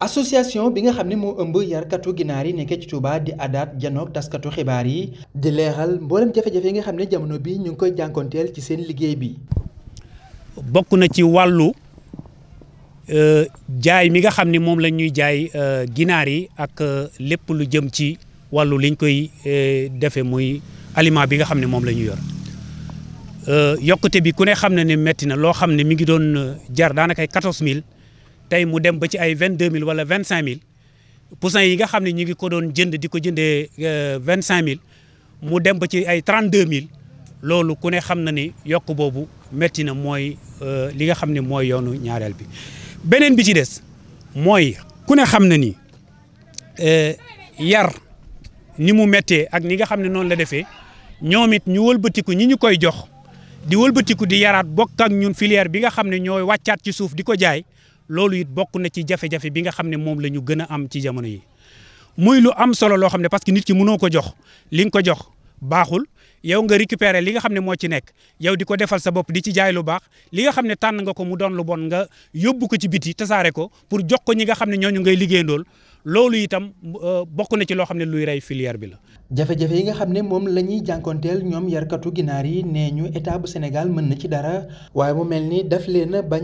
association bi nga xam ne moo ëmb yarkatu ginaar yi nekkee ci Touba di àddaat janoog taskatu xibaar yi di leexal mboolem jafe-jafe nga xam ne jamono bi ñu ngi koy jànkoonteel ci seen liggéey bi. bokk na ci wàllu euh, jaay mi nga xam ne moom la ñuy jaay euh, ginaar yi ak euh, lépp lu jëm ci wàllu liñ koy defee muy aliment bi nga xam ne moom la ñu yor yokkute bi ku ne xam ne ne métti na loo xam ne mi ngi doon jar daanaka ay 14000. tey mu dem ba ci ay vingt deux mille wala vingt cinq mille poussin yi nga xam ne ñu ngi ko doon jënd di ko jëndee euh, vingt cinq mille mu dem ba ci ay trent deux mille loolu ku ne xam na ni yokk boobu métti na mooy euh, li nga xam ne mooy yoonu ñaareel bi. beneen bi ci des mooy ku ne xam na ni euh, yar ni mu méttee ak ni nga xam ne noonu la defee ñoom it ñu wëlbatiku ñi ñu koy jox di wëlbatiku di yaraat bokk ak ñun filière bi nga xam ne ñooy wàccaat ci suuf di ko jaay. loolu it bokk na ci jafe-jafe bi nga xam ne moom la ñu gën a am ci jamono yi muy lu am solo loo xam ne parce que nit ki mënoo ko jox li nga ko jox baaxul yow nga récupérer li nga xam ne moo ci nekk yow di ko defal sa bopp di ci jaay lu baax li nga xam ne tànn nga ko mu doon lu bon nga yóbbu ko ci biti tasaare ko pour jox ko ñi nga xam ne ñooñu ngay liggéeyandool loolu itam euh, bokk na ci loo xam ne luy rey filière bi la. jafe yi nga xam ne moom la ñuy jànkonteel ñoom yarkatu ginaar yi nee ñu état bu Sénégal mën na ci dara waaye mu mel ni daf leen a bañ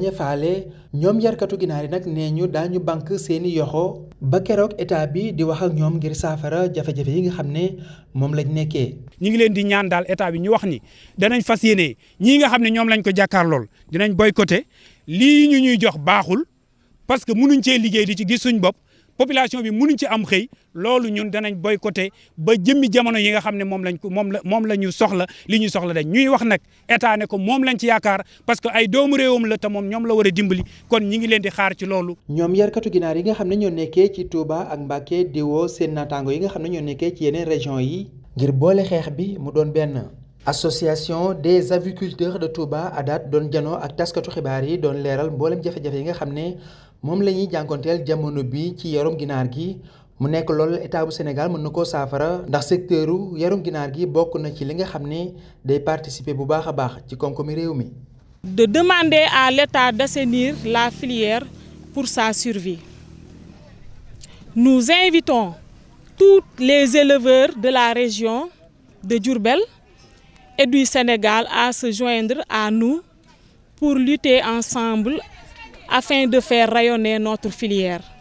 ñoom yarkatu ginaar yi nag nee ñu daañu banque seeni yoxo ba keroog état bi di wax ak ñoom ngir saafara jafe yi nga xam ne moom lañ nekkee. ñu ngi leen di ñaan daal état bi ñu wax ni danañ fas yéene ñii nga xam ne ñoom lañ ko jàkkaar lool dinañ boycotté lii ñu ñuy jox baaxul parce que munuñ cee liggéey di ci gis suñ bopp population bi munuñ ci am xëy loolu ñun danañ boy coté ba jëmmi jamono yi nga xam ne moom lañ ko moom la moom la ñu soxla li ñu soxla dañ ñuy wax nag état ko moom lañ ci yaakaar parce que ay doomu réewam la te ñoom la war a dimbali kon ñi ngi leen di xaar ci loolu. ñoom yarkatu ginaar yi nga xam ne ñoo nekkee ci Touba ak Mbacké di woo seen naataango yi nga xam ne ñoo nekkee ci yeneen région yi. ngir boole xeex bi mu doon benn. association des aviculteurs de Touba à date doon janoo ak taskatu xibaar yi doon leeral mboolem jafe-jafe yi nga xam ne moom lañuy ñuy jamono bi ci yarum ginaar gi. mu nekk loolu état bu Sénégal mën na ko saafara ndax secteuru yarum ginaar gi bokk na ci li nga xam ne day participer bu baax a baax ci koom-koomi réew mi. de demander à l'état d'assainir la filière pour sa survie. nous invitons tous les éleveurs de la région de Diourbel et Sénégal à se joindre à nous pour lutter ensemble afin de faire rayonner notre filière.